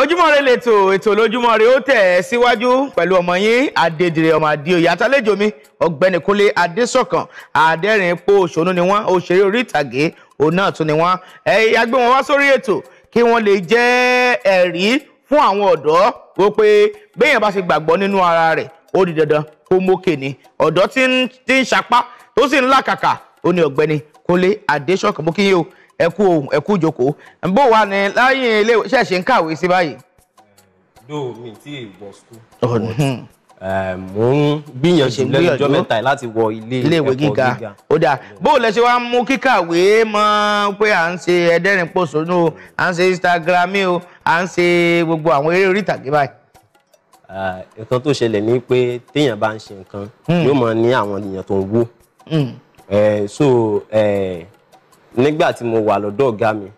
ojúmọ́ rẹ lẹ́tọ̀ ètò lójúmọ́ rẹ ó tẹ̀ ẹ́ síwájú pẹ̀lú ọmọ yín adédire ọmọ adéoyè àtàlejò mi ọ̀gbẹ́ni kúnlé adésọ̀kan àdẹ́rìn pò òṣònú ni wọ́n òṣèré orí ìtàgé òun náà tún ni wọ́n ẹ̀yà gbé wọn wá sórí ètò kí wọ́n lè jẹ́ ẹ̀rí fún àwọn ọ̀dọ́ wípé béèyàn bá ṣe gbàgbọ́ nínú ara rẹ̀ ó di dandan kó mókè ni ọ̀dọ́ tí ń ṣapá tó sì ń làkàkà ó ní ọ̀gbẹ́ni kúnlé adésọ̀kan mú kí yín o ẹ kú ohun ẹ kú jókòó bó wà ní láyé ilé ṣẹ̀ṣẹ̀ ń kàwé sí báyìí. do mi ti wọ school. Oh, mo hmm. um, ń gbìyànjú lẹ́nu ọjọ́ mẹ́ta láti wọ ilé ẹ̀kọ́ gíga. ó dáa bó lẹ ṣe wá mú kíkàwé mọ́ pé à ń ṣe ẹ̀dẹ́rìn pòṣónú à ń ṣe Instagram o à ń ṣe gbogbo àwọn eré orí ìtàgé báyìí uh, nǹkan tó ṣẹlẹ̀ ni pé téèyàn bá ń ṣe nǹkan hmm. yóò máa ní àwọn èèyàn tó ń wò hmm. eh, so eh, nígbà tí mo wà lọ́dọ̀ ọ̀gá mi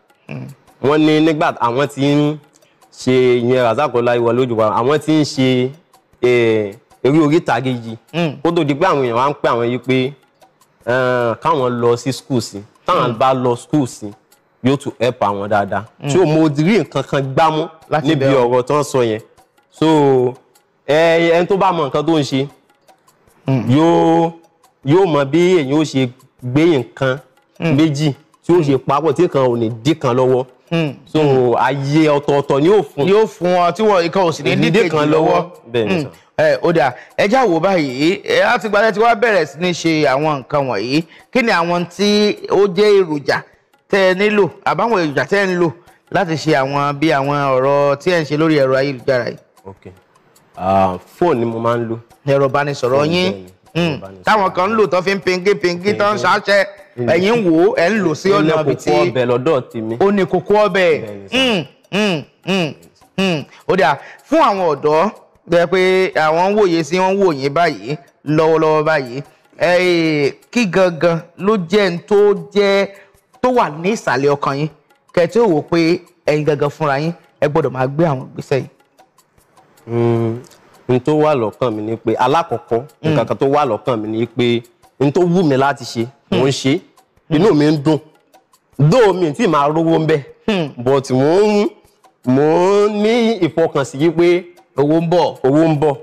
wọ́n ní nígbà àwọn tí ń ṣe ìyẹn razakola ìwọlé òjò àwọn tí ń ṣe eré orí ìtàgé yìí hmm. ó tó di pé àwọn èèyàn wá ń pè àwọn yìí pé káwọn lọ sí skul sí táwọn hmm. bá lọ skul sí yóò tún help àwọn dáadáa tí hmm. o mo rí nǹkan kan gbámú níbi ọ̀rọ̀ tó ń sọ yẹn so ẹni tó bá mọ nǹkan tó ń ṣe yóò yóò mọ bí èyí ó ṣe gbé nǹkan Hmm. méjì tí ó ṣe papọ̀ tí kan ò ní dí kan lọ́wọ́ hmm. so ayé ọ̀tọ̀ọ̀tọ̀ ni yóò fún yóò fún ọ tí wọn ìkan ò sì ní dí kan lọ́wọ́ hmm. ẹ ó dà ẹjá wò báyìí láti gbalẹ̀ tí wàá bẹ̀rẹ̀ sí ní ṣe àwọn nǹkan wọ̀nyí kí ni àwọn tí ó jẹ́ èròjà tẹ́ ẹ nílò àbáwọn èròjà tẹ́ ẹ ń lò láti ṣe àwọn bí àwọn ọ̀rọ̀ tí ẹ ń ṣe lórí ẹ̀rọ ayélujára yìí. ok ah, fóònù ni mo máa ń lò. ẹ̀rọ ìbánisọ̀rọ̀ yín Hmm. táwọn kan ń lò tó fi ń pingi pingi tó ń ṣàṣẹ hmm. ẹ̀yin wò ó ẹ̀ ń lò sí ọ̀nà ibi tí ó ní kókó ọbẹ̀ hmm, ó dà fún àwọn ọ̀dọ́ bẹ́ẹ̀ pé àwọn ń wòye sí wọ́n ń wòye báyìí lọ́wọ́lọ́wọ́ báyìí kí gangan ló jẹ́ ń tó jẹ́ tó wà ní ìsàlẹ̀ ọkàn yín kẹ̀tí ò wò pé ẹ̀yin gangan fúnra yín ẹ gbọ́dọ̀ máa gbé àwọn ìgbésẹ̀ yìí n tó wà lọ́kàn mi ni pé alákọ̀ọ́kọ́ mm. nǹkan kan tó wà lọ́kàn mi ni pé n tó wù mí láti ṣe mò ń mm. ṣe inú mi ń dùn dóò mi tí màá rówó ń bẹ mm. but mò ń mò ń ní ìfọkànsí yí pé owó ń bọ̀ owó ń bọ̀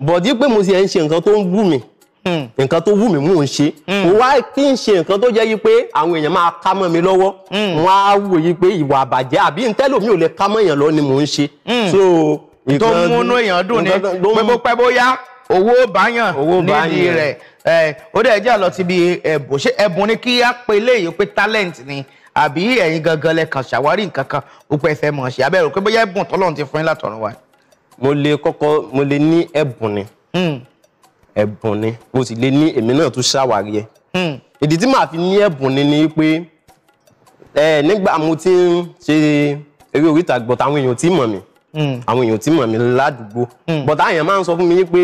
but yí mo sì ẹ̀ ń ṣe nǹkan tó ń wù mí nǹkan tó wù mí mò ń ṣe mo wá kí n ṣe nǹkan tó jẹ́ yí pé àwọn èèyàn máa ká mọ́ mi lọ́wọ́ wọ́n á wò yí ìwà àbàjẹ́ àbí ntẹ́lòmí ò lè ká mọ́ èèyàn lọ ni mò ń ṣe so tó múnú èèyàn dùn ni pé bó pẹ́ bóyá owó báyàn nídìí rẹ̀ ó dẹ̀ jẹ́ àlọ́ ti bi ẹ̀bùn ṣé ẹ̀bùn ni kí á pe léyìí pé talent ni àbí ẹ̀yin gangan lẹ kàn ṣàwárí nǹkan kan ó pẹ́ fẹ́ mọ̀ ṣe abẹ́rù pé bóyá ẹ̀bùn tọ́lọ́run ti fún yín látọ̀run wa. mo lè kọ́kọ́ mo lè ní ẹ̀bùn ni hmm. ẹ̀bùn ni mo sì lè ní èmi náà tún ṣàwárí ẹ̀ hmm. ìdí tí màá fi ní ẹ̀bùn ni ni pé nígbà mo ti ń ṣe eré oríta gbọ̀tà àwọn èèyàn tí mọ̀ mi. Mm. Mm. àwọn èèyàn tí mọ̀ mí ládùúgbò mm. but àyàn máa ń sọ fún mi pé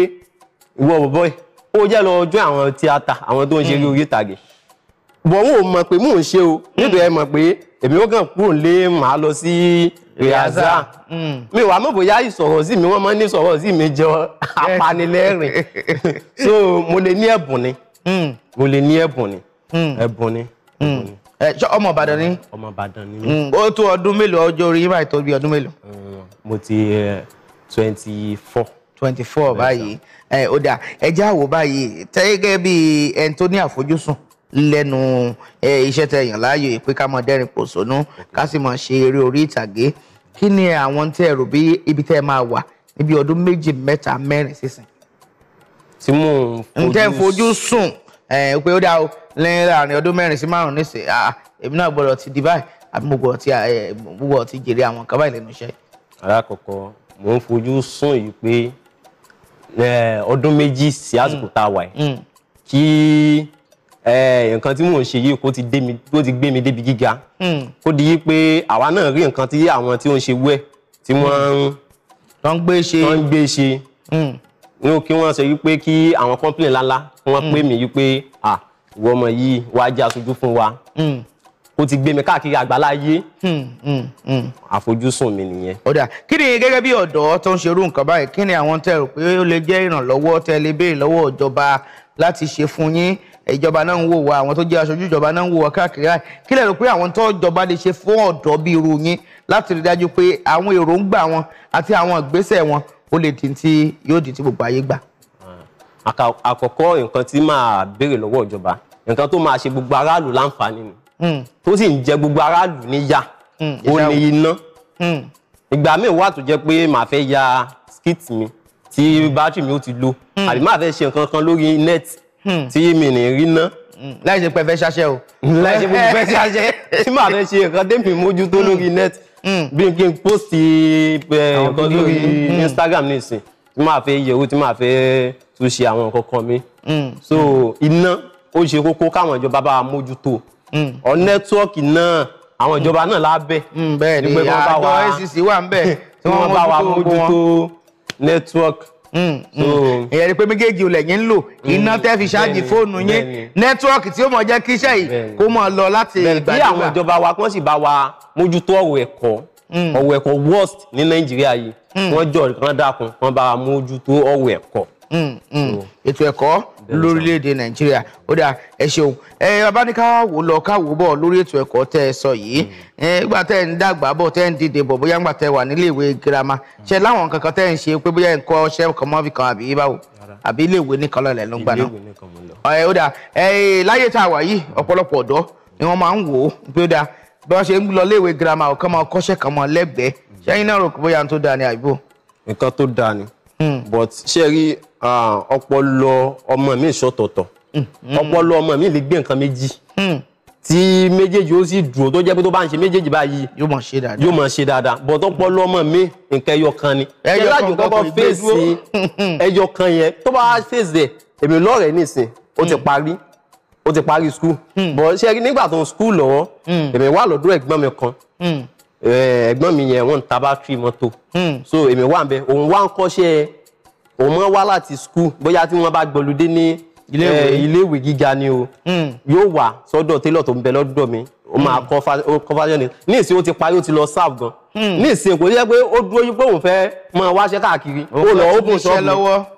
ìwọ bọ̀bọ̀ yìí ó jẹ́ lọ ọjọ́ àwọn tíátà àwọn tó ń ṣe mm. orí ìtàgé bọ̀ wọn ò mọ̀ pé mò ń ṣe o nítorí ẹ mọ̀ pé èmi ó kàn kúrò lé màá lọ sí rìhásà mi wàá mọ̀ bóyá ìsọ̀rọ̀ sí mi wọ́n máa ń ní ìsọ̀rọ̀ sí mi jọ apanilẹ́rìn so mo lè ní ẹ̀bùn ni mo lè ní ẹ̀bùn ni ẹ̀bùn ni ẹ̀bùn ni ṣé ọmọ ìbàdàn ni. ọmọ ìbàdàn ni. Mm, ó tó ọdún mélòó ọjọ́ orí yín báyìí tó bí ọdún mélòó. mo ti twenty four. twenty four báyìí ẹ ó dà ẹjẹ́ àwò báyìí tẹ́gẹ́ bí ẹni tó ní àfojúsùn lẹ́nu iṣẹ́ tẹ̀yàn láàyò pé ká máa dẹ́rìn pòṣónú ká sì máa ṣe eré orí ìtàgé kí ni àwọn tẹ́ ẹ rò bí ibi tẹ́ ẹ máa wà níbi ọdún méjì mẹ́ta mẹ́rin sísìn. tí mò ń fojú sùn. ǹjẹ́ ìfojú sùn pé ó dáa o lẹ́yìn láàrin ọdún mẹ́rin sí márùn-ún nísìn ah, ah, èmi náà gbọ́dọ̀ ti di báyìí àbí mo gbọ́dọ̀ ti ah, eh, mo gbọ́dọ̀ ti jèrè àwọn nǹkan báyìí lẹ́nu iṣẹ́. alákọ̀ọ́kọ́ mò ń fojú sùn yìí pé eh, ọdún méjì sí àsìkò mm. tá a wà yìí mm. kí eh, nǹkan tí mò ń ṣe yìí kó ti gbé mi débi gíga mm. kó di yí pé àwa náà rí nǹkan tí àwọn tí ó ń ṣe wẹ̀ tí wọ́n ń gbé ṣe ní kí wọ́n sọ yí pé kí àwọn kọ́ńpìlì ńláńlá wọ́n pè mí yí pé ah ìwọ ọmọ yìí wàá jẹ́ aṣojú fún wa hmm. ó ti gbé mi káàkiri àgbáláyé hmm, hmm, àfojúsùn mi nìyẹn. ó dà kí ni gẹ́gẹ́ bí ọ̀dọ́ tó ń ṣerú nǹkan báyìí kí ni àwọn tẹ́ rò pé ó lè jẹ́ ìrànlọ́wọ́ tẹ́ lè béèrè lọ́wọ́ ìjọba láti ṣe fún yín ìjọba náà ń wò wá àwọn tó jẹ́ aṣojú ìjọba náà ń wò wá káàkiri láì kí lẹ rò pé àwọn tó jọba lè ṣe fún ọ̀dọ́ bí irú yín láti rí dájú pé àwọn èròǹgbà wọn àti àwọn ìgbésẹ̀ wọn ó lè di tí yóò di tí gbogbo ayé gbà. àkọ́kọ́ nǹkan tí màá béèrè lọ́wọ́ ìjọba nǹkan tó máa ṣe gbogbo aráàlú láǹfààní ni hmm. tó sì ń jẹ gbogbo aráàlú níyà hmm. ó ní iná hmm. ìgbà míì wà tó jẹ́ pé màá fẹ́ ya skit mi tí bátìrì mi ó ti lò àbí màá fẹ́ ṣe nǹkan kan lórí net tí mi ní rí ná láì ṣe pé fẹ́ ṣaṣẹ́ o láì ṣe pé fẹ́ ṣaṣẹ́ tí màá fẹ́ ṣe nǹkan tẹ́mi mójútó lórí net bí n kí n post eh, nǹkan lórí Instagram nìsín tí màá fẹ́ yẹ̀wò tí màá fẹ́ tún ṣe àwọn nǹkan kan mi so iná ó ṣe kókó káwọn ìjọba bá wa mójútó hmm. ọ nẹ́tíwọ́ọ̀kì náà àwọn ìjọba náà lábẹ́ hmm, bẹ́ẹ̀ ni àjọ ACC wà ń bẹ̀ tí wọ́n bá wa mójútó nẹ́tíwọ́ọ̀kì hmm, ìyẹn ni pé méjèèjì olè yín ń lò iná tẹ́ fi ṣáàjì fóònù yín nẹ́tíwọ́ọ̀kì tí ó mọ̀ jẹ́ kí iṣẹ́ yìí kó mọ̀ lọ láti ìgbàdúrà. bí àwọn ìjọba wa kí wọ́n sì bá wa mójútó ọ̀rọ̀ ẹ̀kọ́ ọ̀rọ̀ ẹ̀kọ́ worst ní nàìjíríà yìí wọ́n jọ kan dákun wọ́n bá wa mójútó ọ̀rọ̀ ẹ̀kọ́. ètò ẹ̀kọ́ lórílẹ̀‐èdè nàìjíríà ó dáa ẹ ṣeun ẹ bàbá ní ká wò lọ ká wò bọ̀ lórí ètò ẹ̀kọ́ tẹ́ ẹ sọ yìí hmm. nígbà tẹ́ ẹ ń dàgbà bọ̀ tẹ́ ẹ ń dìde bọ̀ bóyá nígbà tẹ́ ẹ wà nílé ìwé girama ṣe láwọn kankan tẹ́ ẹ ń ṣe pé bóyá nǹkan ọṣẹ kan mọ́ fi kan àbí báwo àbí ilé ìwé nìkan lọ́lẹ̀ ló ń gbà náà ó dáa láyé tá a wà yìí ọ̀pọ̀lọpọ̀ ọ̀dọ́ ni wọ́n máa ń wò ó pé ó dáa bí wọ́n ṣe ń hmm. but ṣé ọpọlọ ọmọ mi sọ̀tọ̀tọ̀ mm, mm. ọpọlọ ọmọ mi lè gbé nǹkan méjì mm. tí méjèèjì ó sì dùn tó jẹ́ pé tó bá ń ṣe méjèèjì báyìí yóò mọ̀ ṣe dáadáa yóò mọ̀ ṣe dáadáa bọ̀dọ̀ ọpọlọ ọmọ mi nǹkan ẹyọ kan ni ẹyọ kan kọ́kọ́ fèsì ẹyọ kan yẹn tó bá fèsì ẹ̀ èmi lọ́rẹ̀ẹ́ nìsín ó ti parí ó ti parí skul bọ ṣe nígbà tó ń skul lọ́wọ́ èmi wà lọ́dọ̀ ẹ̀gbọ́n mi kan ẹ̀gbọ́n mi yẹn wọ́n ń ta bátìrì mọ́tò so èmi wà ń bẹ òun wà ń kọ́ṣẹ́ òun mọ́ wá láti school bóyá tí wọ́n bá gbọ́lùdé ní iléèwé eh, gíga ni o hmm. yóò wà sọ́dọ̀ télọ̀ tó ń bẹ lọ́dọ̀ mi ó máa kọ́ fásiọ́nì ní ìsìn ó ti parí ó ti lọ sáàbù gan hmm. ní ìsìn kò jẹ́ pé ó dúró yí pé òun fẹ́ máa wáṣẹ́ káàkiri ó lọ open shop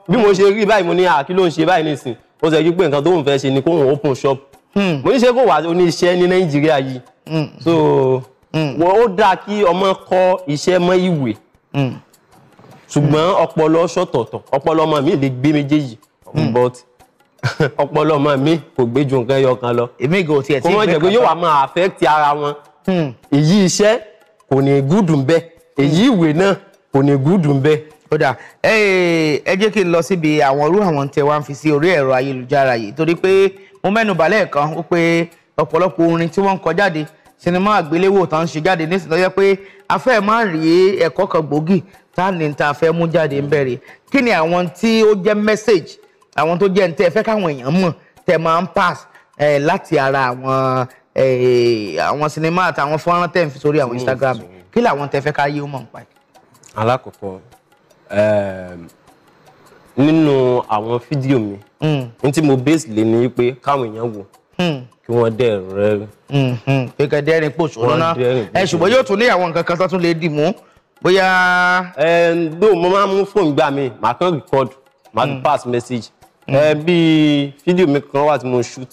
bí mo ṣe rí báyìí mo ní àkí ló ń ṣe báyìí ní ìsìn ó sọ yí pé nǹkan tó ń fẹ́ ni kóun open shop hmm. mo ní ṣe kó wà oníṣẹ́ ní Nàìjíríà yìí so ó dáa kí ọmọ kọ́ iṣẹ́ mọ́ ìwé ṣùgbọ́n ọpọlọ ṣọ̀tọ̀ọ̀tọ̀ ọpọlọ ọmọ mi lè gbé méjèèjì hmm. but ọpọlọ ọmọ mi kò gbé ju nǹkan ẹyọ kan lọ. èmi gò tiẹ̀ tí ìgbẹ́ kan lọ. kó wọ́n jẹ́ pé yóò wá máa affect ara wọn. Hmm. èyí iṣẹ́ kò ní gúdùn bẹ́ẹ̀ èyí hmm. ìwé náà kò ní gúdùn bẹ́ẹ̀. ó dà ẹ jẹ́ kí n lọ síbi àwọn irú àwọn tẹ wá ń fi sí orí ẹ̀rọ ayélujára yìí torí pé mo mẹ́nu bàálẹ̀ kan ó pé ọ̀pọ̀lọpọ̀ orin tí wọ́n ń kọ jáde sinimá àgbéléwò tán ń ṣe jáde nísìnyí tó yẹ pé afẹ́ máa ń rí ẹ̀kọ́ kan gbòógì tá ní ta fẹ́ mú jáde ń bẹ̀rẹ̀ kí ni àwọn tí ó jẹ́ message àwọn tó jẹ́ ntẹ́ fẹ́ káwọn èèyàn mọ̀ tẹ́ máa ń pass láti ara àwọn àwọn sinimá àtàwọn fọ́nrán tẹ́ ń fi sórí àwọn Instagram kí làwọn tẹ́ fẹ́ ká yé mọ̀ nípa ẹ̀. alákọ̀ọ́kọ́ nínú àwọn fídíò mi hmm. ní tí mo base lé ní pé káwọn èèyàn wò hmm. kí wọ́n dẹ̀ rẹ́rìn. Hmm, pé kẹ́ dẹ́rìn pòṣónú náà ẹ̀ ṣùgbọ́n yóò tún ní àwọn nǹkan kan tó tún lè dì mú bóyá. ẹ ló mo máa ń mú fóònù gbà mí màá kàn record màá kàn hmm. pass message ẹ hmm. bí fídíò mi kan wà tí mo shoot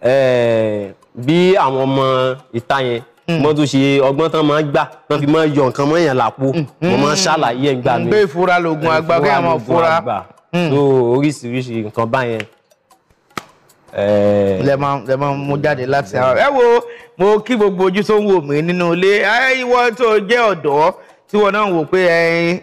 ẹ eh, bí àwọn ọmọ ìta yẹn mo hmm. tún ṣe ọgbọ́n tán máa ń gbà tán fi máa ń yọ nǹkan mọ́ èèyàn lápò mo máa ń ṣàlàyé ẹ̀ ń gbà mí. pé ìfura lògùn àgbà kí àwọn fura so oríṣiríṣi nǹkan báyẹn. Eh, lẹ máa lẹ máa mú jáde láti ẹ wo mo kí gbogbo ojú tó ń wò mí nínú ilé ìwọ tó jẹ́ ọ̀dọ́ tí wọn náà wò pé ẹyin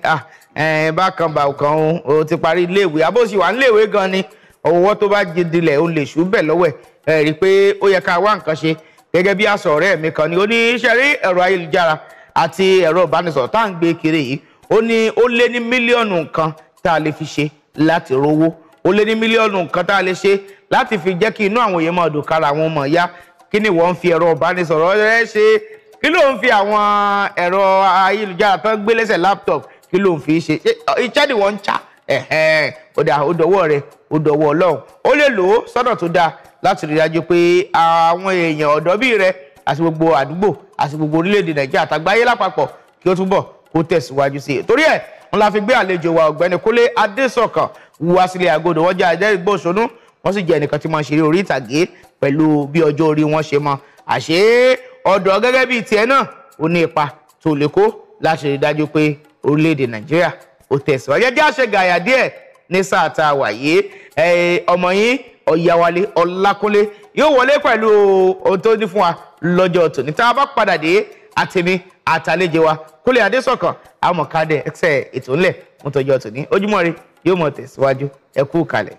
ẹyin bákan bàkan o ti parí iléèwé abóòsì wà níléèwé gan ni ọwọ́ tó bá jindilẹ̀ o lè ṣú bẹ̀ lọ́wọ́ ẹ̀ rí i pé ó yẹ ká wá nǹkan ṣe gẹ́gẹ́ bí aṣọ ọ̀rẹ́ mi kan ni ó ní iṣẹ́ rí ẹ̀rọ ayélujára àti ẹ̀rọ ìbánisọ̀rọ̀ tá à ń gbé kiri yìí ó ní ó lé ní mílíọ̀nù nǹkan tá a lè fi ṣe láti rówó ó lé ní mílíọ̀nù nǹkan tá a lè ṣe láti fi jẹ́ kí inú àwọn èèyàn máa dùn kára àwọn ọmọ ìyá kí ni wọ́n fi ẹ̀rọ ìbánisọ̀rọ̀ kí ló ń fi àwọn ẹ̀rọ ayélujára tó gbé lẹ́sẹ̀ laptop kí ló ń fi ṣe iṣẹ́ ni wọ́n ń ṣá ó dà ó dọwọ́ rẹ̀ ó dọwọ́ ọlọ́run ó lè lò ó sọ́dọ̀ tó dáa láti rí i dájú pé àwọn èèyàn ọ̀dọ́ bíi rẹ àti gbogbo àdúgbò àti gbogbo orílẹ̀-èdè nàìjíríà àtàgbáyé lápapọ̀ kí ó túbọ̀ kó tẹ̀síwájú sí i torí ẹ̀ ń la fi gbé àlejò wa ọ̀gbẹ́ni Kúnlé Adésọ̀kan wá sílé àgọ́dọ̀ wọ́n jẹ́ àjẹ́ ìgbóṣonú wọ́n sì jẹ́ ẹnìkan tí wọ́n ṣeré orí ìtàgé pẹ̀lú bí ọjọ́ orí wọn ṣe mọ àṣé ọ̀dọ̀ gẹ́gẹ́ bíi tiẹ̀ náà ó ní ipa tó lè kó láti rí pé orílẹ̀-èdè nàìjíríà ó tẹ̀síwájú ẹjẹ́ àṣẹ gàyà díẹ̀ ní sáà tá a wà yìí ọmọ yín ọ̀yàwálé yóò wọlé pẹ̀lú ohun tó ní fún wa lọ́jọ́ tá a bá padà dé àtẹ̀mí àtàlejò wa adésọ̀kan